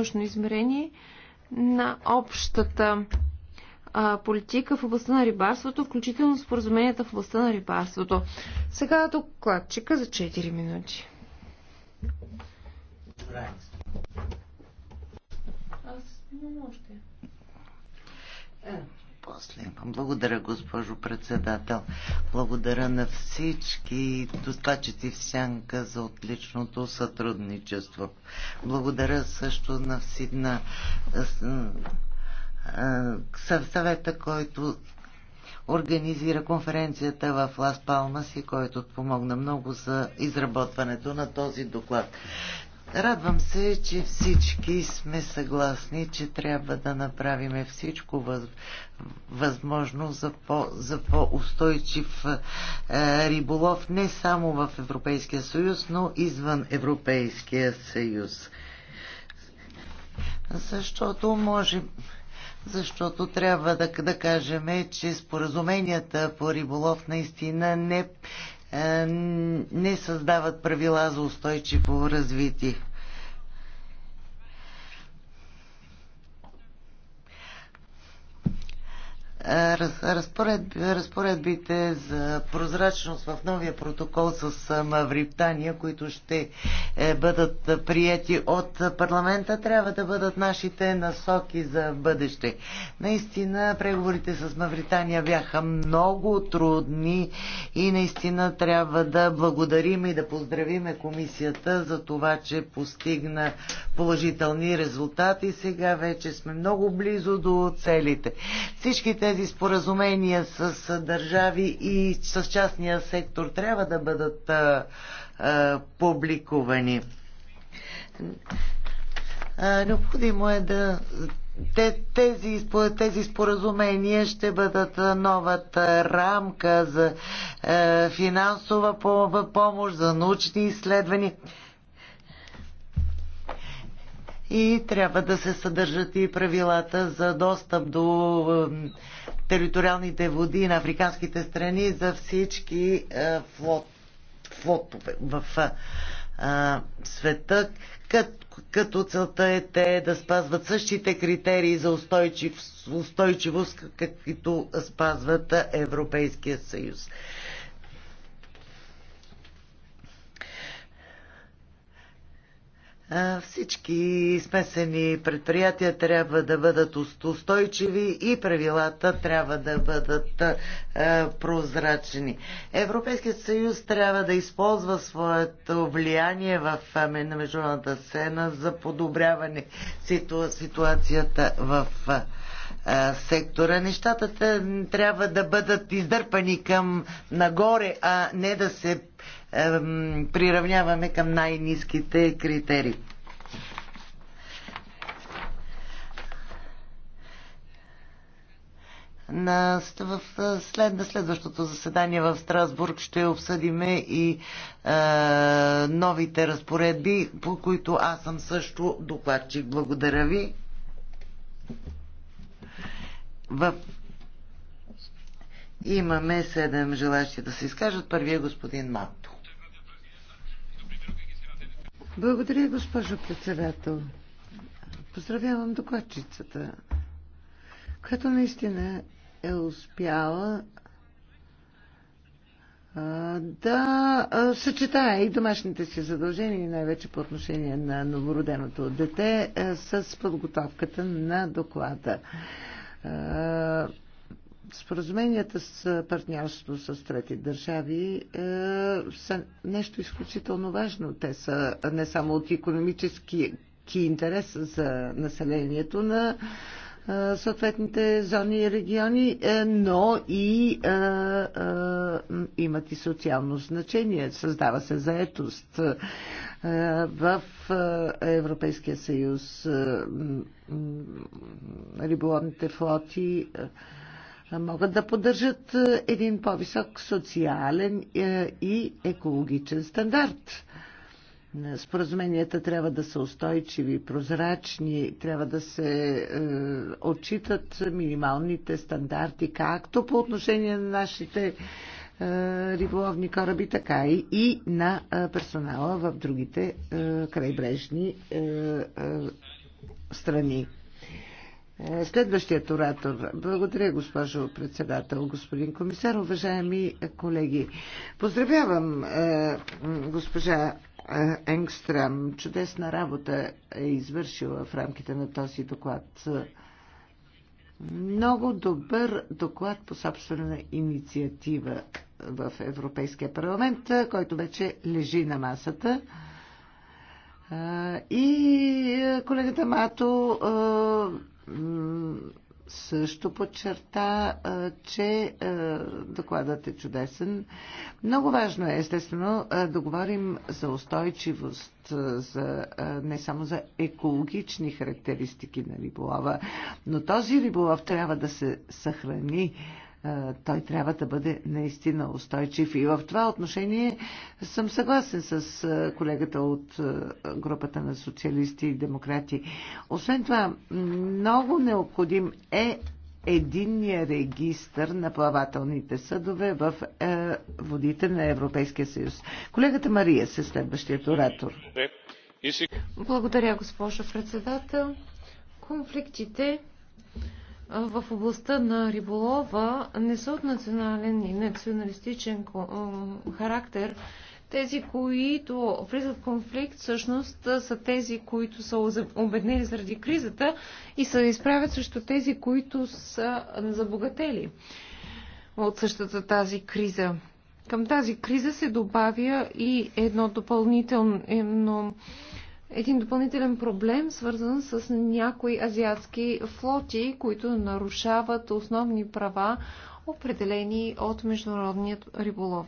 външно измерение на общата политика в областта на рибарството, включително споразуменията в областта на рибарството. Сега докладчика за 4 минути. Аз имам още. Е, после имам. Благодаря, госпожо председател. Благодаря на всички достачици в сянка за отличното сътрудничество. Благодаря също на Сидна съвета, който организира конференцията в Лас Палмас и който помогна много за изработването на този доклад. Радвам се, че всички сме съгласни, че трябва да направим всичко въз... възможно за, по... за по-устойчив е, риболов, не само в Европейския съюз, но извън Европейския съюз. Защото може защото трябва да, да кажем, че споразуменията по риболов наистина не, е, не създават правила за устойчиво развитие. разпоредбите за прозрачност в новия протокол с Мавритания, които ще е, бъдат прияти от парламента, трябва да бъдат нашите насоки за бъдеще. Наистина, преговорите с Мавритания бяха много трудни и наистина трябва да благодарим и да поздравиме комисията за това, че постигна положителни резултати. Сега вече сме много близо до целите. Всички тези тези споразумения с държави и с частния сектор трябва да бъдат а, а, публикувани. А, необходимо е да тези, тези споразумения ще бъдат новата рамка за е, финансова помощ, за научни изследвания. И трябва да се съдържат и правилата за достъп до е, териториалните води на африканските страни за всички е, флот, флотове в е, света, като, като целта е те да спазват същите критерии за устойчив, устойчивост, каквито спазват Европейския съюз. Всички смесени предприятия трябва да бъдат устойчиви и правилата трябва да бъдат прозрачни. Европейският съюз трябва да използва своето влияние в, на международната сцена за подобряване ситуацията в сектора. Нещата трябва да бъдат издърпани към нагоре, а не да се приравняваме към най-низките критерии. На, в след, на следващото заседание в Страсбург ще обсъдиме и е, новите разпоредби, по които аз съм също докладчик. Благодаря ви. В... Имаме седем желащи да се изкажат. Първият е господин Мато. Благодаря, госпожо председател. Поздравявам докладчицата, която наистина е успяла да съчетая и домашните си задължения, най-вече по отношение на новороденото дете, с подготовката на доклада. Е, споразуменията с партньорство с трети държави е, са нещо изключително важно. Те са не само от економически интерес за населението на е, съответните зони и региони, е, но и е, е, имат и социално значение. Създава се заетост. Е, в е, Европейския съюз. Е, риболовните флоти могат да поддържат един по-висок социален и екологичен стандарт. Споразуменията трябва да са устойчиви, прозрачни, трябва да се е, отчитат минималните стандарти, както по отношение на нашите е, риболовни кораби, така и, и на е, персонала в другите е, крайбрежни страни. Следващият оратор. Благодаря, госпожо председател, господин комисар, уважаеми колеги. Поздравявам госпожа Енгстрам. Чудесна работа е извършила в рамките на този доклад много добър доклад по собствена инициатива в Европейския парламент, който вече лежи на масата. И колегата Мато също подчерта, че докладът е чудесен. Много важно е, естествено, да говорим за устойчивост, за, не само за екологични характеристики на риболова, но този риболов трябва да се съхрани е, той трябва да бъде наистина устойчив. И в това отношение съм съгласен с е, колегата от е, групата на социалисти и демократи. Освен това, много необходим е единния регистр на плавателните съдове в водите на Европейския съюз. Колегата Мария се следващият оратор. Благодаря, госпожо председател. Конфликтите в областта на риболова не са от национален и националистичен характер. Тези, които влизат в конфликт, всъщност са тези, които са обеднели заради кризата и се изправят срещу тези, които са забогатели от същата тази криза. Към тази криза се добавя и едно допълнително един допълнителен проблем, свързан с някои азиатски флоти, които нарушават основни права, определени от международният риболов.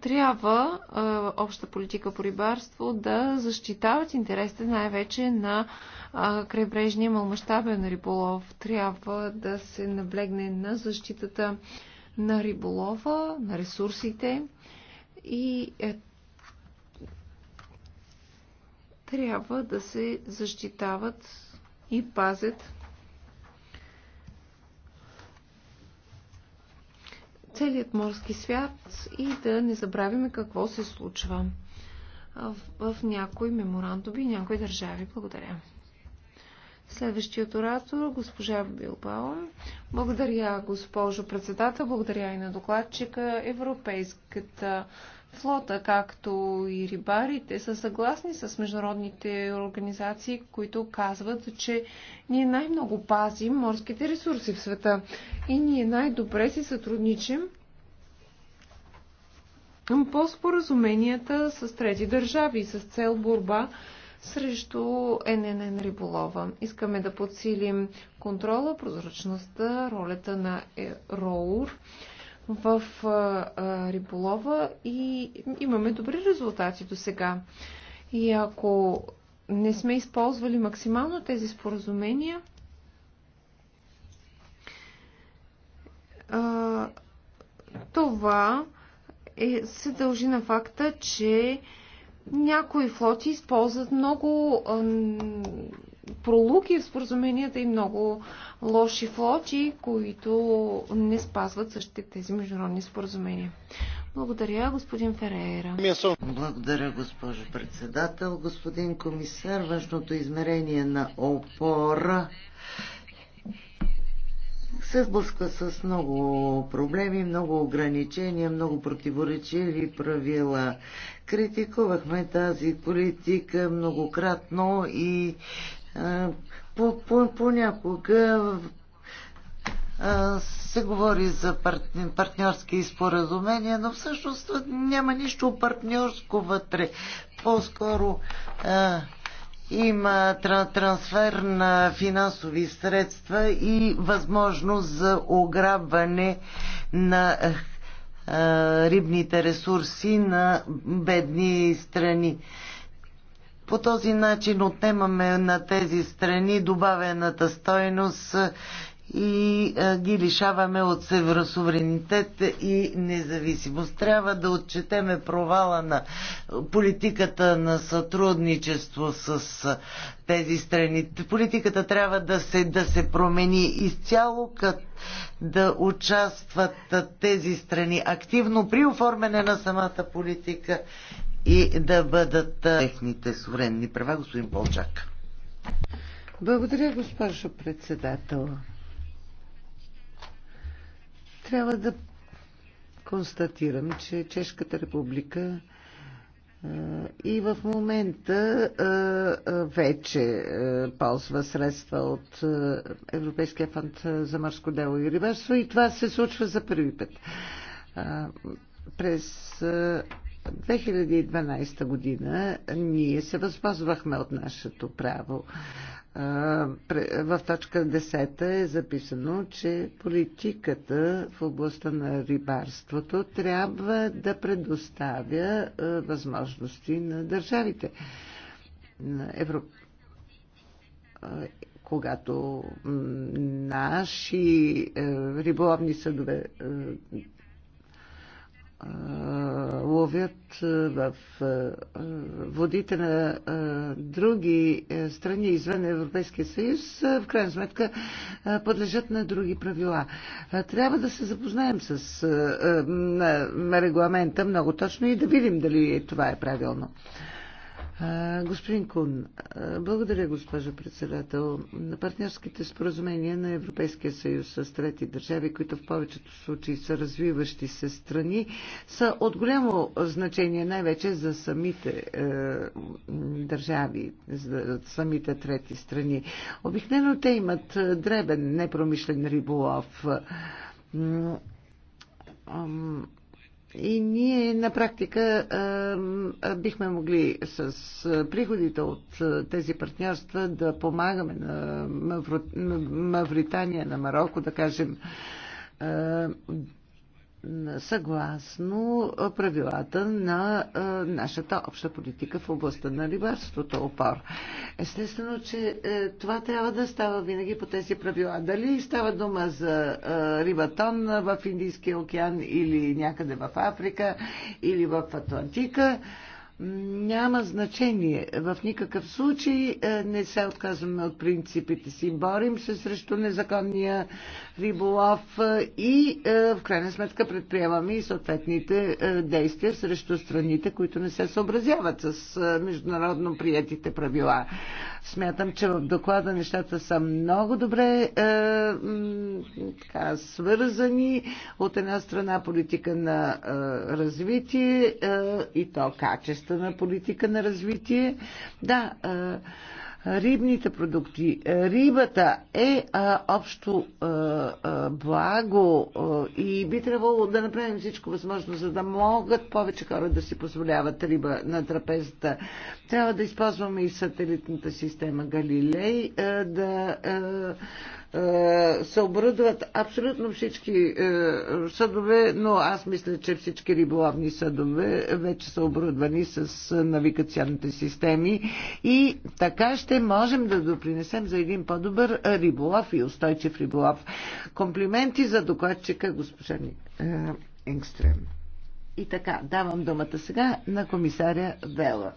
Трябва е, обща политика по рибарство да защитават интересите най-вече на е, крайбрежния малмащабен риболов. Трябва да се наблегне на защитата на риболова, на ресурсите и е, трябва да се защитават и пазят целият морски свят и да не забравяме какво се случва в, в някои меморандуми и някои държави. Благодаря. Следващият оратор, госпожа Билбао. Благодаря, госпожо председател, благодаря и на докладчика. Европейската флота, както и рибарите, са съгласни с международните организации, които казват, че ние най-много пазим морските ресурси в света и ние най-добре си сътрудничим по споразуменията с трети държави с цел борба срещу ННН риболова. Искаме да подсилим контрола, прозрачността, ролята на е, РОУР в риболова и имаме добри резултати до сега. И ако не сме използвали максимално тези споразумения, това е, се дължи на факта, че някои флоти използват много пролуки в споразуменията и много лоши флоти, които не спазват същите тези международни споразумения. Благодаря, господин Ферейра. Благодаря, госпожо председател. Господин комисар, външното измерение на опора се сблъсква с много проблеми, много ограничения, много противоречиви правила. Критикувахме тази политика многократно и понякога се говори за партньорски споразумения, но всъщност няма нищо партньорско вътре. По-скоро има трансфер на финансови средства и възможност за ограбване на рибните ресурси на бедни страни. По този начин отнемаме на тези страни добавената стойност и а, ги лишаваме от северосуверенитет и независимост. Трябва да отчетеме провала на политиката на сътрудничество с тези страни. Политиката трябва да се, да се промени изцяло, като да участват тези страни активно при оформяне на самата политика и да бъдат техните суверенни права, господин Полчак. Благодаря, госпожо председател. Трябва да констатирам, че Чешката република и в момента вече ползва средства от Европейския фонд за морско дело и рибарство и това се случва за първи път. През 2012 година ние се възползвахме от нашето право в точка 10 е записано, че политиката в областта на рибарството трябва да предоставя възможности на държавите. На Европ... Когато наши е, риболовни съдове е, ловят в водите на други страни извън Европейския съюз, в крайна сметка подлежат на други правила. Трябва да се запознаем с регламента много точно и да видим дали това е правилно. Господин Кун, благодаря, госпожо председател. На партньорските споразумения на Европейския съюз с трети държави, които в повечето случаи са развиващи се страни, са от голямо значение най-вече за самите е, държави, за самите трети страни. Обикновено те имат е, дребен непромишлен риболов. Ам и ние на практика бихме могли с приходите от тези партньорства да помагаме на Мавритания, на Марокко, да кажем, съгласно правилата на нашата обща политика в областта на рибарството опор. Естествено, че е, това трябва да става винаги по тези правила. Дали става дума за рибатон в Индийския океан или някъде в Африка или в Атлантика, няма значение. В никакъв случай е, не се отказваме от принципите си. Борим се срещу незаконния риболов е, и е, в крайна сметка предприемаме и съответните действия срещу страните, които не се съобразяват с международно приятите правила. Смятам, че в доклада нещата са много добре е, така, свързани. От една страна политика на е, развитие е, и то качество общата на политика на развитие. Да, рибните продукти, рибата е общо благо и би трябвало да направим всичко възможно, за да могат повече хора да си позволяват риба на трапезата. Трябва да използваме и сателитната система Галилей, да е, се оборудват абсолютно всички е, съдове, но аз мисля, че всички риболовни съдове вече са оборудвани с е, навигационните системи и така ще можем да допринесем за един по-добър риболов и устойчив риболов. Комплименти за докладчика госпожа Енгстрем. И така, давам думата сега на комисаря Вела.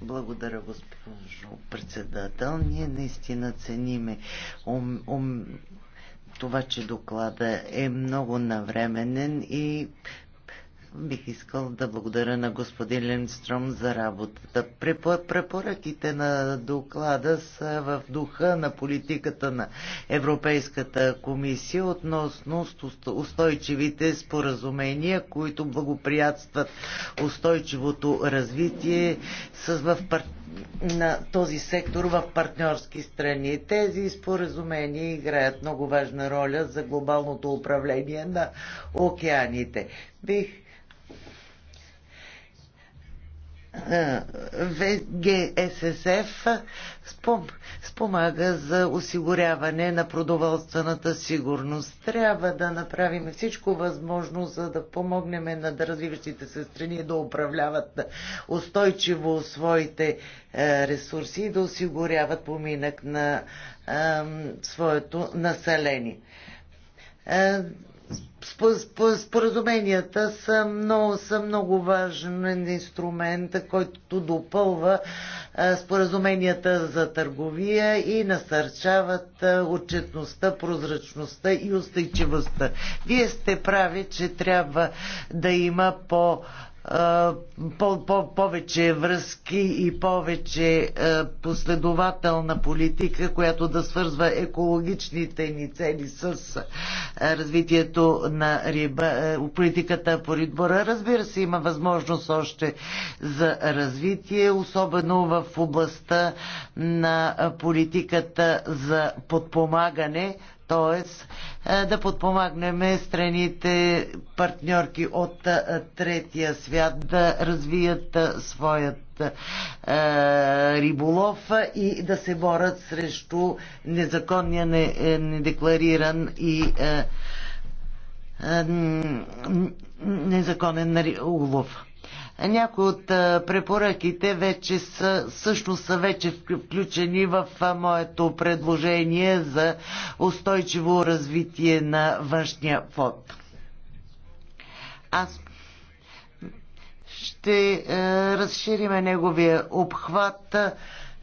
Благодаря, госпожо председател. Ние наистина цениме ум, ум, това, че доклада е много навременен и Бих искал да благодаря на господин Линстром за работата. Препоръките на доклада са в духа на политиката на Европейската комисия относно устойчивите споразумения, които благоприятстват устойчивото развитие с в пар... на този сектор в партньорски страни. Тези споразумения играят много важна роля за глобалното управление на океаните. Бих Е, ВГССФ спомага за осигуряване на продоволствената сигурност. Трябва да направим всичко възможно, за да помогнем на развиващите се страни да управляват устойчиво своите е, ресурси и да осигуряват поминък на своето население. Е, споразуменията са много, са много важен инструмент, който допълва споразуменията за търговия и насърчават отчетността, прозрачността и устойчивостта. Вие сте прави, че трябва да има по по, по, повече връзки и повече е, последователна политика, която да свързва екологичните ни цели с е, развитието на риба, е, политиката по ридбора. Разбира се, има възможност още за развитие, особено в областта на политиката за подпомагане Тоест е, да подпомагнем страните партньорки от е, третия свят да развият е, своят риболов и да се борят срещу незаконния, недеклариран и незаконен улов. Някои от препоръките вече са, също са вече включени в моето предложение за устойчиво развитие на външния фонд. Аз ще разшириме неговия обхват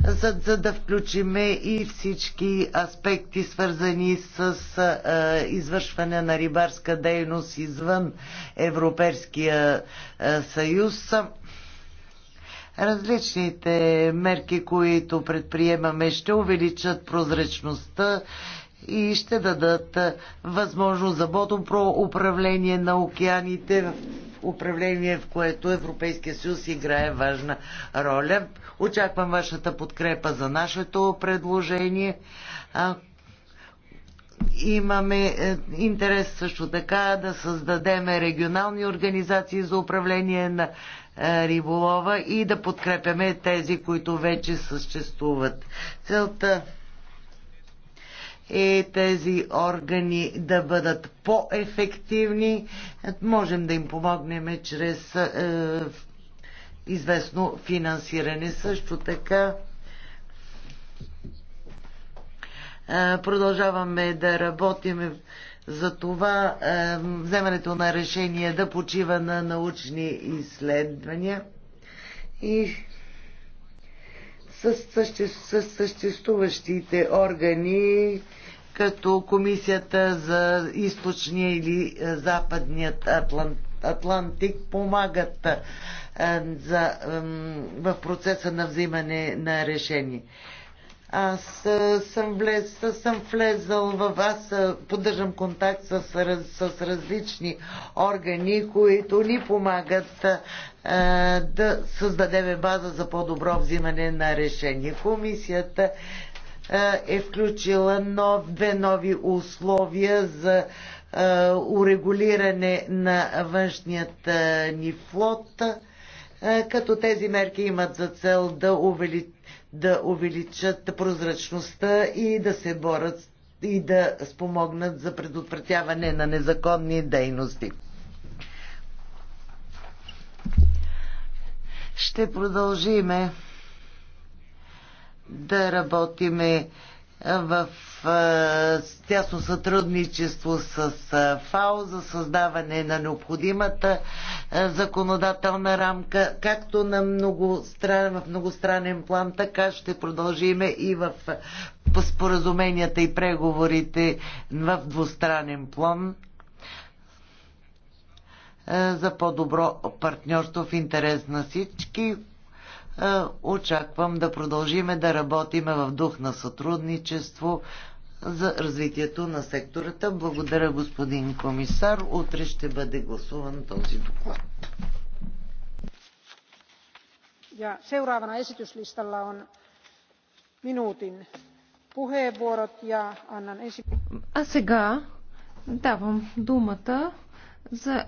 за, за да включиме и всички аспекти, свързани с а, извършване на рибарска дейност извън Европейския а, съюз. Различните мерки, които предприемаме, ще увеличат прозрачността и ще дадат възможност за бодро управление на океаните в управление, в което Европейския съюз играе важна роля. Очаквам вашата подкрепа за нашето предложение. Имаме е, интерес също така да създадем регионални организации за управление на е, риболова и да подкрепяме тези, които вече съществуват. Целта е тези органи да бъдат по-ефективни. Можем да им помогнем чрез е, известно финансиране. Също така е, продължаваме да работим за това е, вземането на решение да почива на научни изследвания и с съществуващите органи като Комисията за източния или е, западният Атлант, Атлантик помагат е, за, в процеса на взимане на решение. Аз е, съм, влез, съм влезал в вас, поддържам контакт с, с различни органи, които ни помагат а, да създадем база за по-добро взимане на решение. Комисията е, е включила нов, две нови условия за е, урегулиране на външният е, ни флот, като тези мерки имат за цел да, увели, да увеличат прозрачността и да се борят и да спомогнат за предотвратяване на незаконни дейности. Ще продължиме да работиме в тясно сътрудничество с ФАО за създаване на необходимата законодателна рамка, както на многостран, в многостранен план, така ще продължиме и в споразуменията и преговорите в двустранен план за по-добро партньорство в интерес на всички, е, очаквам да продължиме да работиме в дух на сътрудничество за развитието на сектората. Благодаря, господин комисар. Утре ще бъде гласуван този доклад. Ja seuraavana esityslistalla on minuutin puheenvuorot ja annan ensin... А сега давам думата за